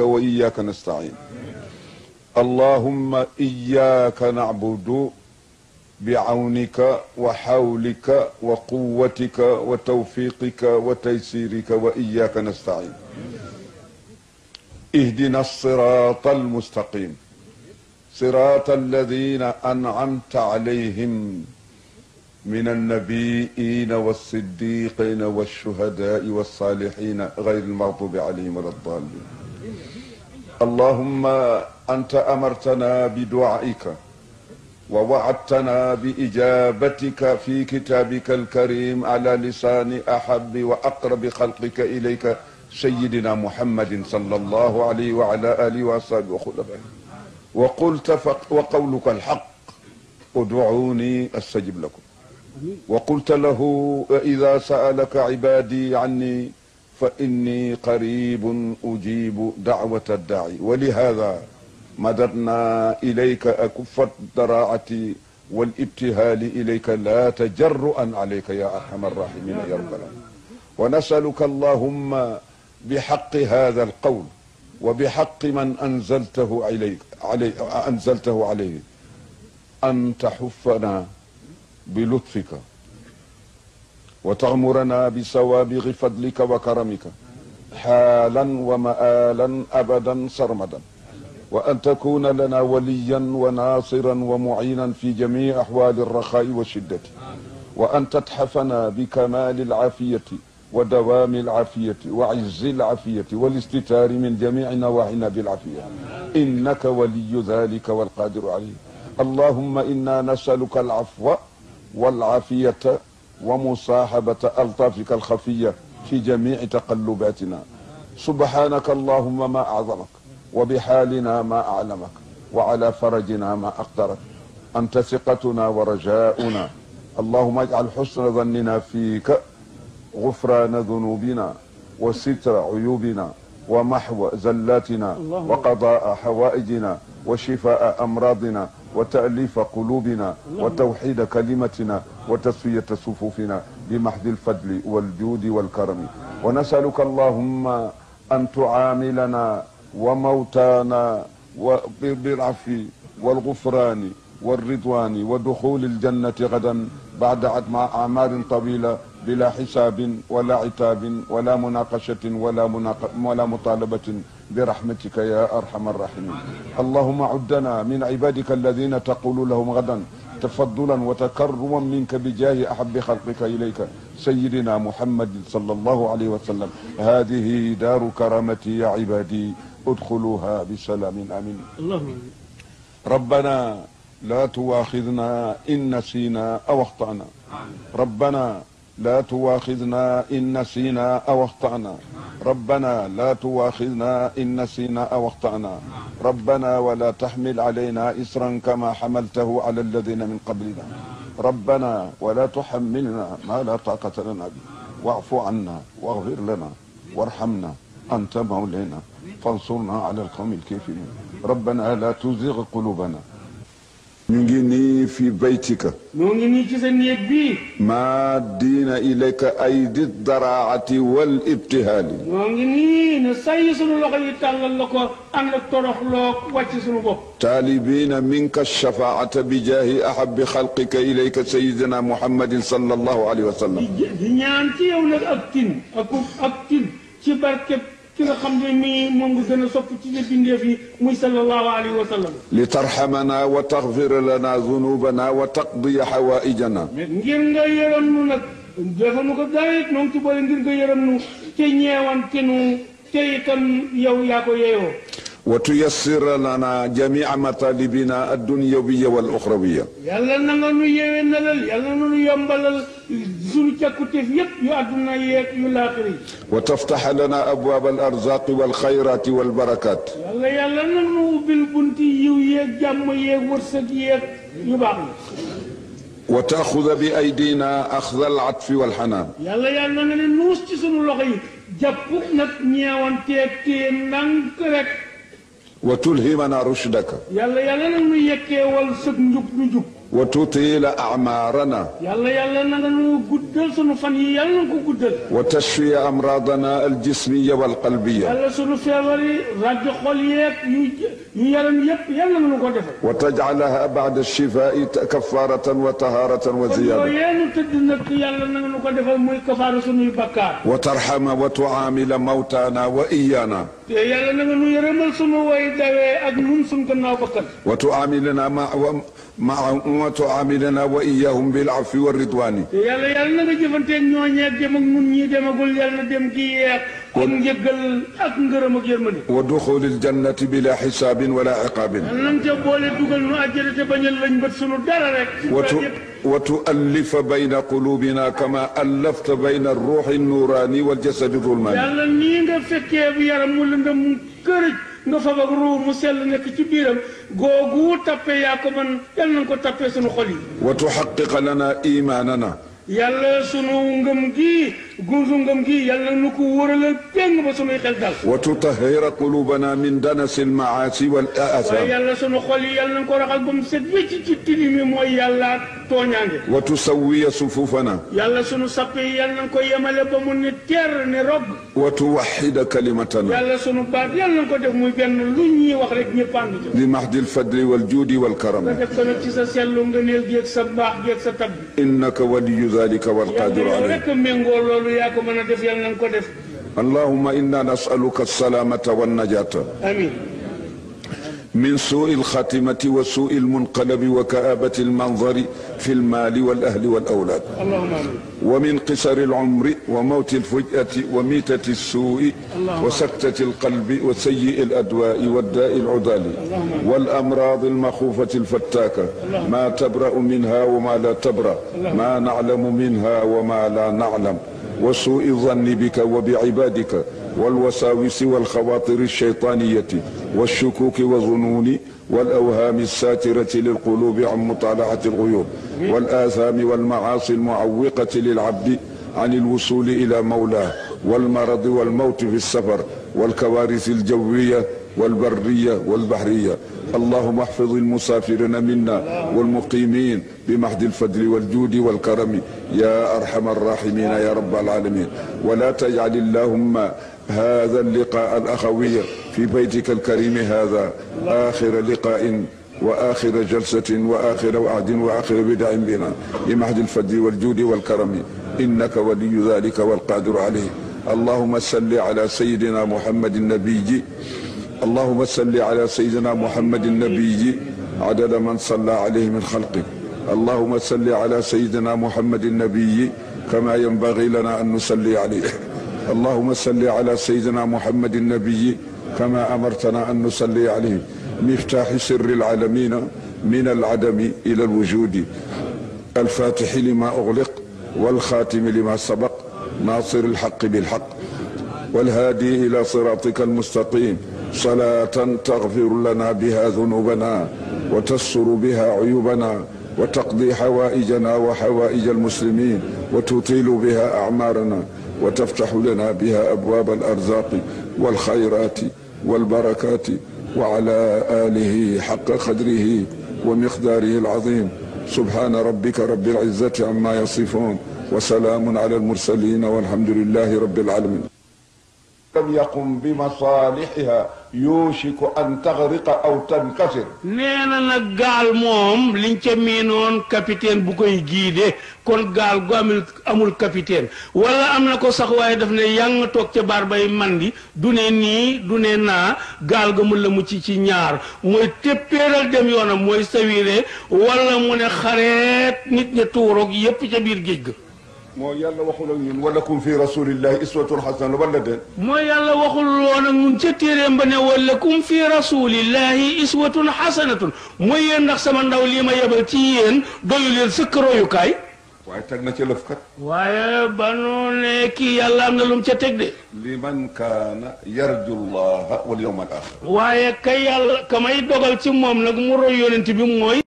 وإياك نستعين اللهم إياك نعبد بعونك وحولك وقوتك وتوفيقك وتيسيرك وإياك نستعين اهدنا الصراط المستقيم صراط الذين أنعمت عليهم من النبيين والصديقين والشهداء والصالحين غير المغضوب عليهم ولا الضالين اللهم أنت أمرتنا بدعائك ووعدتنا بإجابتك في كتابك الكريم على لسان أحب وأقرب خلقك إليك سيدنا محمد صلى الله عليه وعلى آله وأصحابه وخلفائه وقلت وقولك الحق ادعوني أستجب لكم وقلت له إذا سألك عبادي عني فإني قريب أجيب دعوة الداعي ولهذا مددنا إليك أكف الدراعة والابتهال إليك لا تجرؤا عليك يا أرحم الراحمين يا رب العالمين ونسألك اللهم بحق هذا القول وبحق من أنزلته عليك علي أنزلته عليه أن تحفنا بلطفك وتغمرنا بسوابغ فضلك وكرمك حالا ومآلا أبدا سرمدا وأن تكون لنا وليا وناصرا ومعينا في جميع أحوال الرخاء والشدة وأن تتحفنا بكمال العافية ودوام العافية وعز العافية والاستتار من جميع نواحينا بالعافية إنك ولي ذلك والقادر عليه اللهم إنا نسألك العفو والعافية ومصاحبة ألطافك الخفية في جميع تقلباتنا سبحانك اللهم ما أعظمك وبحالنا ما أعلمك وعلى فرجنا ما أقدرك أنت ثقتنا ورجاؤنا اللهم اجعل حسن ظننا فيك غفران ذنوبنا وستر عيوبنا ومحو زلاتنا وقضاء حوائجنا وشفاء أمراضنا وتأليف قلوبنا وتوحيد كلمتنا وتسوية صفوفنا بمحض الفضل والجود والكرم ونسألك اللهم أن تعاملنا وموتانا بالعفو والغفران والرضوان ودخول الجنة غدا بعد أعمار طويلة بلا حساب ولا عتاب ولا مناقشة ولا, مناق... ولا مطالبة برحمتك يا أرحم الراحمين اللهم عدنا من عبادك الذين تقول لهم غدا تفضلا وتكرما منك بجاه أحب خلقك إليك سيدنا محمد صلى الله عليه وسلم هذه دار كرامتي يا عبادي ادخلوها بسلام آمين اللهم ربنا لا تواخذنا إن نسينا أو أخطأنا ربنا لا تواخذنا إن نسينا أو أخطأنا ربنا لا تواخذنا إن نسينا أو أخطأنا ربنا ولا تحمل علينا إسرا كما حملته على الذين من قبلنا ربنا ولا تحملنا ما لا طاقة لنا به واعف عنا واغفر لنا وارحمنا أنت مولانا فانصرنا على القوم الكافرين ربنا لا تزغ قلوبنا ñu ngi nii fi baytika ñoo ngi nii ci sa néeg bii maa diina ilayka aydi daraati wal ibtihaali ñoo ngi nii ne say sunu loxo yi tàllal la ko ànd ak toroxloo wàcc sunu bopp taalibiina minka shafaata bi jaahi ahabi xalqika ilayka sayidina muhammadin sallallahu alayhi wa sallam di ñaan ci yow nag ak tin ak ak tin ci barkeb ki nga xam ne nii moom nga gën a sopp ci sa bindeef yi muy sallallahu alayhi wa sallam li tarxamana wa taxfir lana zunubana wa taqdi xawaaijana ngir nga yërëm nu nag dafa nu ko dawet noo ngi ci boole ngir nga yërëm nu te ñeewan te nu te itam yow yaa ko yeeyoo wa tuyassir lana jamia matalibina ad-dunyawiya wal uxrawiya yàlla na nga nu yeewe nalal yàlla na nu yombalal sunu càkkutéef yépp yu àdduna yeeg yu laaxira yi wa taftaxa lana abwaab al arzaaqi wal xayraati wal barakaat yàlla yàlla nag nu ubbil bunti yiw yeeg jàmm yeeg wërsëg yeeg yu baax yi wa taaxuda bi aydina axda al atfi wal xanaan yàlla yàlla nga ne nuus ci sunu loxo yi jàpp nag ñeewanteeg tee ndànk rek wa tulhimana rushdaka yàlla yàlla nag nu yekkee wal sëg njub nu jub wa tutiila acmaarana yàlla yàlla na nga nu guddal sunu fan yi yàlla na nga ko guddal wa tashfiya amraadana aljismiya walqalbiya yàlla sunu feebar yi ràgg xol yeeg yu yaram yépp yàlla na nu ko defal wa tajcalaha bacda alshifaa'i kafaaratan wa tahaaratan wa ziyaada yeenu tëdd nag yàlla na nga nu ko defal muy kafaara sunuy bakkaar wa tarxama wa tucaamila mawtaana wa iyaana te yàlla na nga nu yërëmal sunu way dawee ak nun sun gannaaw bakkan wa tucaamilana ma umatu amidana wa iyahum bil afi wa ridwani yàlla yàlla na nga jëfanteeg ñooñee dem ak ñun ñii demagul yàlla na dem gi yeex ak njëggal ak ngërëm ak yërmande wa duxulil jannati bila xisaabin wala iqaabin nan ca boole dugal nu àjjana te bañal lañ bët sunu dara rek watu وتؤلف بين قلوبنا كما ألفت بين الروح النوراني والجسد الظلماني nga fab ak ruu mu sell nekk ci biiram goo tappe yaa ko man yàlla nañ ko tappe sunu xol yi wa tuxaqiqa lana imanana yàlla sunu ngëm gii gunsu ngëm gii yàlla nu ko wóorale jàng ba sunuy xel dal wa tutahira qulubana min danasi almaasi wal asam yàlla sunu xol yi yàlla nañ ko raxal ba mu set wécc ci tini mi mooy yàlla tooñaange wa tusawiya sufufana yàlla sunu sappe yi ko yemale ba mu ne teer ne rob watu waxida kalimatana. yàlla sunu baat yàlla na ko def muy benn lu ñuy wax rek ñëpp ànd ci. li mahdil fadli wal juudi wal karam. nga def ko nag ci sa sellu nga néew géeg sa mbaax géeg sa tab. innaka waliyu zalika wal qadiru alayhi. yàlla rek a méngoo loolu yaa ko mën a def yàlla na ko def. allahumma inna nasaluka salaamata wan najaata. amiin. min suui alxatimati wa suui almunqalabi wa kaabati almanzari fi almaali walahli walawlaad wa min qisari alumri wa mawti alfujati wa miitati alsuui wa saktati alqalbi wa sayii aladwaai waddaai alcudaali walamraadi almaxuufati alfattaaka maa tabra'u minha wa maa laa tabra maa naclamu minha wa maa laa naclam wa suui zanni bika wa bicibaadika والوساوس والخواطر الشيطانية والشكوك والظنون والأوهام الساترة للقلوب عن مطالعة الغيوب والآثام والمعاصي المعوقة للعبد عن الوصول إلى مولاه والمرض والموت في السفر والكوارث الجوية والبرية والبحرية اللهم احفظ المسافرين منا والمقيمين بمحد الفضل والجود والكرم يا أرحم الراحمين يا رب العالمين ولا تجعل اللهم هذا اللقاء الأخوي في بيتك الكريم هذا آخر لقاء وآخر جلسة وآخر وعد وآخر بدع بنا بمحض الفضل والجود والكرم إنك ولي ذلك والقادر عليه اللهم صل على سيدنا محمد النبي اللهم صل على سيدنا محمد النبي عدد من صلى عليه من خلقه اللهم صل على سيدنا محمد النبي كما ينبغي لنا أن نصلي عليه اللهم صل على سيدنا محمد النبي كما أمرتنا أن نصلي عليه مفتاح سر العالمين من العدم إلى الوجود الفاتح لما أغلق والخاتم لما سبق ناصر الحق بالحق والهادي إلى صراطك المستقيم صلاة تغفر لنا بها ذنوبنا وتستر بها عيوبنا وتقضي حوائجنا وحوائج المسلمين وتطيل بها أعمارنا وتفتح لنا بها أبواب الأرزاق والخيرات والبركات وعلى آله حق قدره ومقداره العظيم سبحان ربك رب العزة عما يصفون وسلام على المرسلين والحمد لله رب العالمين كم يقم بمصالحها يوشك أن تغرق أو تنكسر nee na nag gaal moom liñ ca miinoon capitaine bu koy giide kon gaal gu amul amul capitaine wala am na ko sax waaye daf ne yang toog ca baar bay mandi du ne nii du ne naa gaal gu mu la mu ci ci ñaar mooy téppéeral dem yoonam mooy sawire wala mu ne xareet nit ña tuuroog yépp ca biir géej ga mooy yàlla waxul ak ñun walakum fi rasulillahi iswatun xasana wala déet mooy yàlla waxul woon ak ñun ca téeréem ba ne walakum fi rasulillahi iswatun xasanatun mooy yéen ndax sama ndaw lii ma yebal ci yéen doyu leen sëkk royukaay waaye teg na ca lëfkat waaye ba nu ne kii yàlla am na lu mu ca teg de liman kaana yarju llaha wal yawmal axir waaye ka yàlla ka may dogal ci moom nag mu roy yonent bi mooy